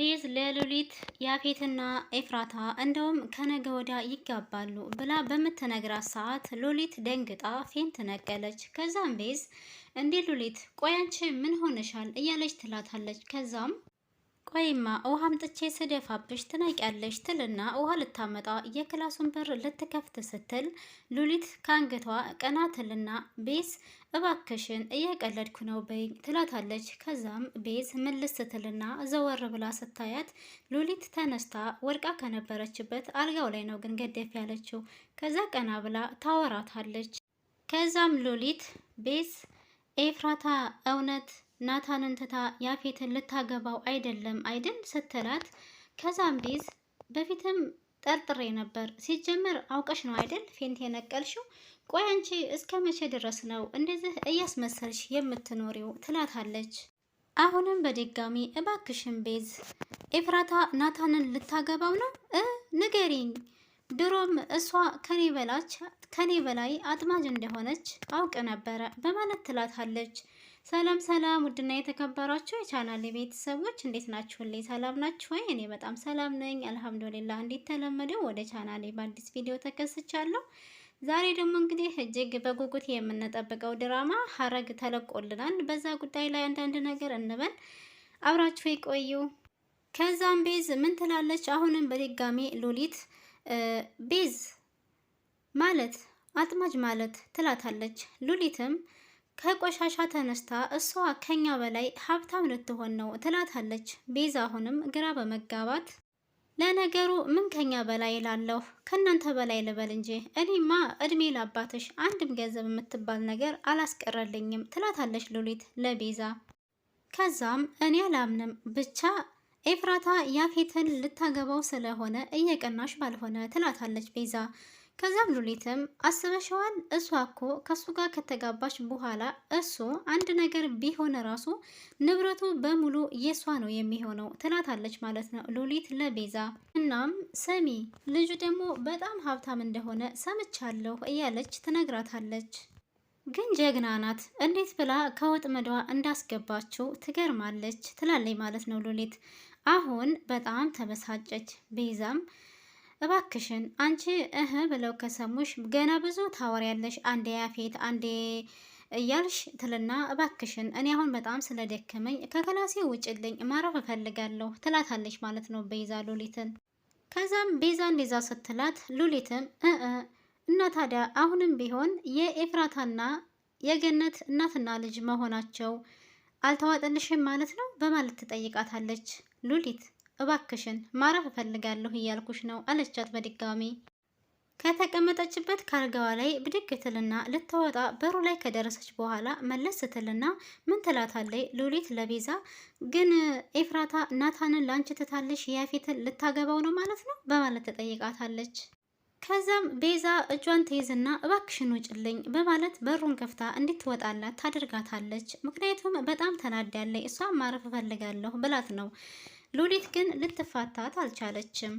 ቤዝ ለሉሊት ያፌትና ኤፍራታ እንደውም ከነገ ወዲያ ይጋባሉ ብላ በምትነግራት ሰዓት ሉሊት ደንግጣ ፌንት ነቀለች። ከዛም ቤዝ እንዴ ሉሊት ቆያንቺ ምን ሆነሻል እያለች ትላታለች። ከዛም ቆይማ ውሃ አምጥቼ ስደፋብሽ ትነቂያለሽ ትልና ውሃ ልታመጣ የክላሱን በር ልትከፍት ስትል ሉሊት ከአንገቷ ቀና ትልና ቤዝ እባክሽን እየቀለድኩ ነው በይ ትላታለች። ከዛም ቤዝ ምልስ ስትልና ዘወር ብላ ስታያት ሉሊት ተነስታ ወድቃ ከነበረችበት አልጋው ላይ ነው ግን ገደፍ ያለችው። ከዛ ቀና ብላ ታወራታለች። ከዛም ሉሊት ቤዝ ኤፍራታ እውነት ናታንን ትታ ያፌትን ልታገባው አይደለም አይደል ስትላት ከዛም ቤዝ በፊትም ጠርጥሬ ነበር። ሲጀመር አውቀሽ ነው አይደል ፌንት የነቀልሽው? ቆይ አንቺ እስከ መቼ ድረስ ነው እንደዚህ እያስመሰልሽ የምትኖሪው? ትላታለች። አሁንም በድጋሚ እባክሽን ቤዝ ኤፍራታ ናታንን ልታገባው ነው እ ንገሪኝ ድሮም እሷ ከኔ በላች ከኔ በላይ አጥማጅ እንደሆነች አውቅ ነበረ በማለት ትላታለች። ሰላም ሰላም፣ ውድና የተከበሯቸው የቻናል ቤተሰቦች እንዴት ላይ ሰላም ናችሁ ወይ? እኔ በጣም ሰላም ነኝ እንዴት ተለመደው ወደ ቻናሌ በአዲስ ቪዲዮ ተከስቻለሁ። ዛሬ ደግሞ እንግዲህ እጅግ በጉጉት የምንጠብቀው ድራማ ሀረግ ተለቆልናል። በዛ ጉዳይ ላይ አንዳንድ ነገር እንበል፣ አብራችሁ ይቆዩ። ከዛም ቤዝ ምን ትላለች? አሁንም በድጋሚ ሉሊት ቤዝ ማለት አጥማጅ ማለት ትላታለች። ሉሊትም ከቆሻሻ ተነስታ እሷ ከኛ በላይ ሀብታም ልትሆን ነው ትላታለች። ቤዛ አሁንም ግራ በመጋባት ለነገሩ ምን ከኛ በላይ ላለሁ ከእናንተ በላይ ልበል እንጂ እኔማ እድሜ ላባትሽ አንድም ገንዘብ የምትባል ነገር አላስቀረልኝም ትላታለች ሉሊት ለቤዛ። ከዛም እኔ አላምንም ብቻ ኤፍራታ ያፌትን ልታገባው ስለሆነ እየቀናሽ ባልሆነ ትላታለች ቤዛ። ከዛም ሉሊትም አስበሸዋል፣ እሷ እኮ ከእሱ ጋር ከተጋባች በኋላ እሱ አንድ ነገር ቢሆን ራሱ ንብረቱ በሙሉ የእሷ ነው የሚሆነው ትላታለች ማለት ነው ሉሊት ለቤዛ። እናም ሰሚ ልጁ ደግሞ በጣም ሀብታም እንደሆነ ሰምቻለሁ እያለች ትነግራታለች። ግን ጀግና ናት፣ እንዴት ብላ ከወጥመዷ እንዳስገባችው ትገርማለች ትላለች ማለት ነው ሉሊት አሁን በጣም ተበሳጨች። ቤዛም እባክሽን አንቺ እህ ብለው ከሰሙሽ ገና ብዙ ታወሪያለሽ፣ አንዴ ያፌት አንዴ እያልሽ ትልና እባክሽን እኔ አሁን በጣም ስለደከመኝ ከክላሴ ውጭልኝ ማረፍ እፈልጋለሁ ትላታለች ማለት ነው ቤዛ ሉሊትን። ከዛም ቤዛ እንደዛ ስትላት ሉሊትም እ እና ታዲያ አሁንም ቢሆን የኤፍራታና የገነት እናትና ልጅ መሆናቸው አልተዋጠልሽም ማለት ነው በማለት ትጠይቃታለች። ሉሊት እባክሽን ማረፍ እፈልጋለሁ እያልኩሽ ነው አለቻት በድጋሚ። ከተቀመጠችበት ካርጋዋ ላይ ብድግ ትልና ልታወጣ በሩ ላይ ከደረሰች በኋላ መለስ ስትልና ምን ትላታለይ ሉሊት ለቤዛ ግን ኤፍራታ ናታንን ላንቺ ትታለሽ ያፌትን ልታገባው ነው ማለት ነው በማለት ተጠይቃታለች። ከዛም ቤዛ እጇን ትይዝና እባክሽን ውጭልኝ በማለት በሩን ከፍታ እንድትወጣላት ታደርጋታለች። ምክንያቱም በጣም ተናዳለች፣ እሷን ማረፍ እፈልጋለሁ ብላት ነው። ሉሊት ግን ልትፋታት አልቻለችም።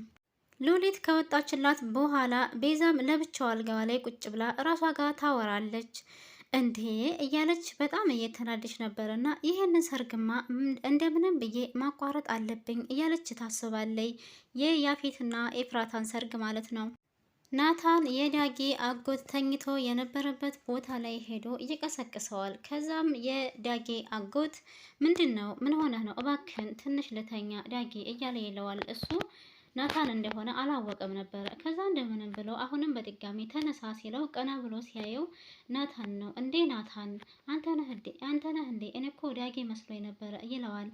ሉሊት ከወጣችላት በኋላ ቤዛም ለብቻው አልጋዋ ላይ ቁጭ ብላ እራሷ ጋር ታወራለች። እንዴ እያለች በጣም እየተናደች ነበርና ይህንን ሰርግማ እንደምንም ብዬ ማቋረጥ አለብኝ እያለች ታስባለይ። የያፌትና ኤፍራታን ሰርግ ማለት ነው። ናታን የዳጊ አጎት ተኝቶ የነበረበት ቦታ ላይ ሄዶ እየቀሰቅሰዋል። ከዛም የዳጊ አጎት ምንድን ነው? ምን ሆነ ነው? እባክን ትንሽ ልተኛ ዳጊ እያለ ይለዋል። እሱ ናታን እንደሆነ አላወቀም ነበረ። ከዛ እንደምንም ብሎ አሁንም በድጋሚ ተነሳ ሲለው ቀና ብሎ ሲያየው ናታን ነው። እንዴ ናታን አንተ ነህ እንዴ? እኔ እኮ ዳጊ መስሎ ነበረ ይለዋል።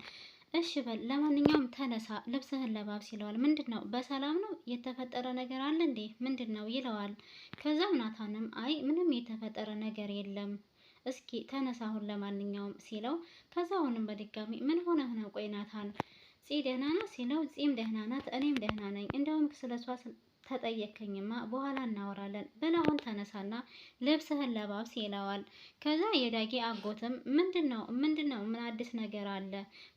እሺ በል ለማንኛውም ተነሳ፣ ልብስህን ለባብስ ይለዋል። ምንድን ነው በሰላም ነው የተፈጠረ ነገር አለ እንዴ? ምንድን ነው ይለዋል። ከዛም ናታንም አይ ምንም የተፈጠረ ነገር የለም እስኪ ተነሳ አሁን ለማንኛውም ሲለው፣ ከዛ አሁንም በድጋሚ ምን ሆነህ ነው? ቆይ ናታን ፂ ደህና ናት ሲለው፣ ፂም ደህና ናት፣ እኔም ደህና ነኝ፣ እንደውም ስለሷ ተጠየከኝማ በኋላ እናወራለን ብለውን ተነሳና ልብስህን ለባብስ ይለዋል። ከዛ የዳጊ አጎትም ምንድን ነው ምንድን ነው ምን አዲስ ነገር አለ?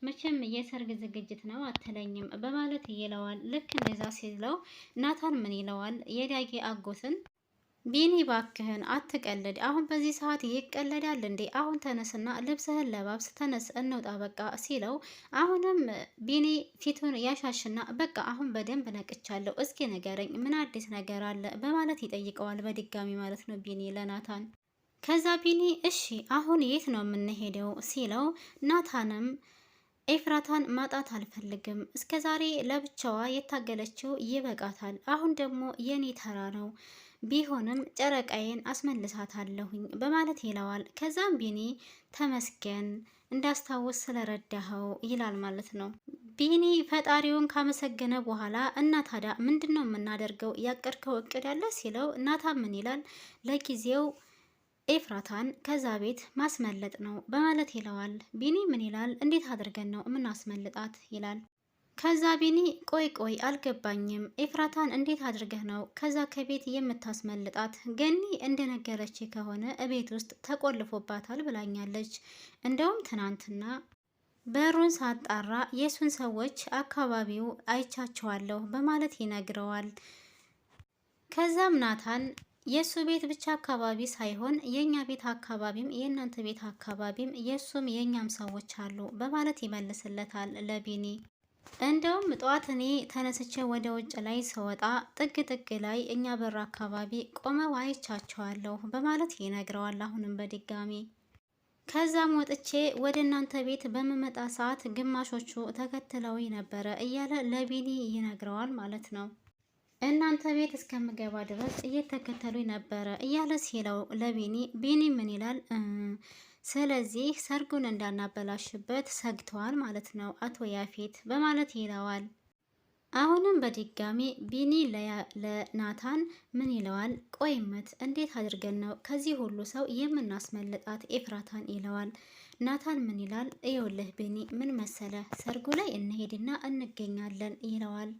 መቼም የሰርግ ዝግጅት ነው አትለኝም በማለት ይለዋል። ልክ እንደዛ ሲለው ናታን ምን ይለዋል የዳጊ አጎትን ቢኒ ባክህን አትቀልድ። አሁን በዚህ ሰዓት ይቀለዳል እንዴ? አሁን ተነስና ልብስህን ለባብስ፣ ተነስ እንውጣ በቃ ሲለው አሁንም ቢኒ ፊቱን ያሻሽና በቃ አሁን በደንብ ነቅቻለሁ፣ እስኪ ንገረኝ፣ ምን አዲስ ነገር አለ በማለት ይጠይቀዋል። በድጋሚ ማለት ነው ቢኒ ለናታን። ከዛ ቢኒ እሺ አሁን የት ነው የምንሄደው ሲለው ናታንም ኤፍራታን ማጣት አልፈልግም። እስከ ዛሬ ለብቻዋ የታገለችው ይበቃታል። አሁን ደግሞ የኔ ተራ ነው ቢሆንም ጨረቃዬን አስመልሳታለሁኝ በማለት ይለዋል። ከዛም ቢኒ ተመስገን እንዳስታውስ ስለረዳኸው ይላል ማለት ነው። ቢኒ ፈጣሪውን ካመሰገነ በኋላ እና ታዲያ ምንድን ነው የምናደርገው ያቀድከው እቅድ ያለ ሲለው እናታ ምን ይላል ለጊዜው ኤፍራታን ከዛ ቤት ማስመለጥ ነው በማለት ይለዋል። ቢኒ ምን ይላል እንዴት አድርገን ነው የምናስመልጣት ይላል። ከዛ ቢኒ ቆይ ቆይ አልገባኝም፣ ኤፍራታን እንዴት አድርገህ ነው ከዛ ከቤት የምታስመልጣት? ገኒ እንደነገረች ከሆነ እቤት ውስጥ ተቆልፎባታል ብላኛለች። እንደውም ትናንትና በሩን ሳጣራ የሱን ሰዎች አካባቢው አይቻቸዋለሁ በማለት ይነግረዋል። ከዛም ናታን የእሱ ቤት ብቻ አካባቢ ሳይሆን የእኛ ቤት አካባቢም የእናንተ ቤት አካባቢም የእሱም የእኛም ሰዎች አሉ በማለት ይመልስለታል ለቢኒ እንደውም ጠዋት እኔ ተነስቼ ወደ ውጭ ላይ ስወጣ ጥግ ጥግ ላይ እኛ በር አካባቢ ቆመው አይቻቸዋለሁ በማለት ይነግረዋል። አሁንም በድጋሚ ከዛም ወጥቼ ወደ እናንተ ቤት በምመጣ ሰዓት ግማሾቹ ተከትለው ነበረ እያለ ለቢኒ ይነግረዋል ማለት ነው። እናንተ ቤት እስከምገባ ድረስ እየተከተሉ ነበረ እያለ ሲለው ለቢኒ ቢኒ ምን ይላል? ስለዚህ ሰርጉን እንዳናበላሽበት ሰግተዋል ማለት ነው አቶ ያፌት በማለት ይለዋል። አሁንም በድጋሚ ቢኒ ለናታን ምን ይለዋል? ቆይመት እንዴት አድርገን ነው ከዚህ ሁሉ ሰው የምናስመልጣት ኤፍራታን ይለዋል። ናታን ምን ይላል? እየውልህ ቢኒ ምን መሰለ ሰርጉ ላይ እንሄድና እንገኛለን ይለዋል።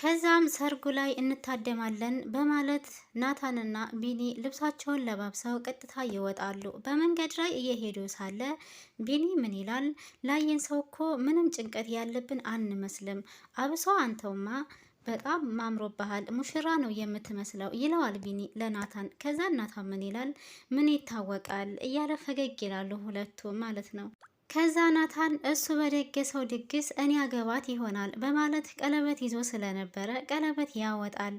ከዛም ሰርጉ ላይ እንታደማለን በማለት ናታንና ቢኒ ልብሳቸውን ለባብሰው ቀጥታ ይወጣሉ። በመንገድ ላይ እየሄዱ ሳለ ቢኒ ምን ይላል? ላየን ሰው እኮ ምንም ጭንቀት ያለብን አንመስልም፣ አብሶ አንተውማ በጣም ማምሮብሃል ሙሽራ ነው የምትመስለው ይለዋል ቢኒ ለናታን። ከዛ ናታን ምን ይላል? ምን ይታወቃል እያለ ፈገግ ይላሉ ሁለቱ ማለት ነው። ከዛ ናታን እሱ በደገሰው ድግስ እኔ አገባት ይሆናል በማለት ቀለበት ይዞ ስለነበረ ቀለበት ያወጣል።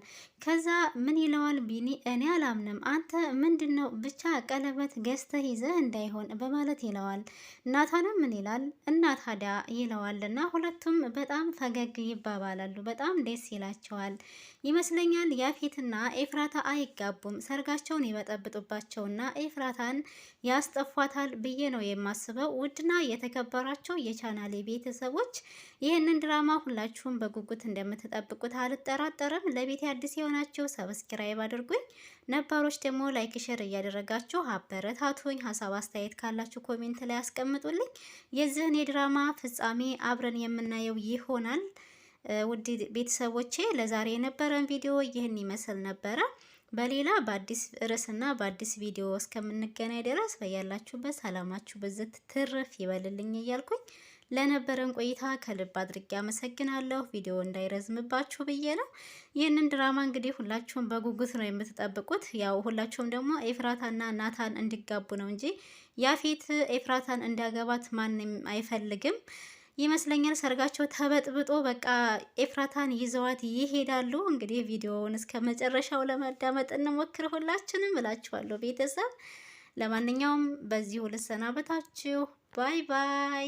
ከዛ ምን ይለዋል ቢኒ፣ እኔ አላምንም፣ አንተ ምንድን ነው ብቻ ቀለበት ገዝተህ ይዘህ እንዳይሆን በማለት ይለዋል። ናታንም ምን ይላል እና ታዲያ ይለዋል እና ሁለቱም በጣም ፈገግ ይባባላሉ። በጣም ደስ ይላቸዋል ይመስለኛል። ያፌትና ኤፍራታ አይጋቡም፣ ሰርጋቸውን ይበጠብጡባቸውና ኤፍራታን ያስጠፏታል ብዬ ነው የማስበው። ውድና የተከበራቸው የቻናሌ ቤተሰቦች ይህንን ድራማ ሁላችሁም በጉጉት እንደምትጠብቁት አልጠራጠርም። ለቤት አዲስ የሆነ የሆናችሁ ሰብስክራይብ አድርጉኝ፣ ነባሮች ደግሞ ላይክ፣ ሼር እያደረጋችሁ አበረታቱኝ። ሀሳብ አስተያየት ካላችሁ ኮሜንት ላይ አስቀምጡልኝ። የዚህን የድራማ ፍጻሜ አብረን የምናየው ይሆናል። ውድ ቤተሰቦቼ ለዛሬ የነበረን ቪዲዮ ይህን ይመስል ነበረ። በሌላ በአዲስ ርዕስና በአዲስ ቪዲዮ እስከምንገናኝ ድረስ በያላችሁበት ሰላማችሁ ብዝት ትርፍ ይበልልኝ እያልኩኝ ለነበረን ቆይታ ከልብ አድርጌ አመሰግናለሁ። ቪዲዮ እንዳይረዝምባችሁ ብዬ ነው። ይህንን ድራማ እንግዲህ ሁላችሁም በጉጉት ነው የምትጠብቁት። ያው ሁላችሁም ደግሞ ኤፍራታና ናታን እንዲጋቡ ነው እንጂ ያፌት ኤፍራታን እንዲያገባት ማንም አይፈልግም ይመስለኛል ሰርጋቸው ተበጥብጦ በቃ ኤፍራታን ይዘዋት ይሄዳሉ። እንግዲህ ቪዲዮውን እስከ መጨረሻው ለመዳመጥ እንሞክር ሁላችንም እላችኋለሁ ቤተሰብ። ለማንኛውም በዚሁ ልሰናበታችሁ። ባይ ባይ።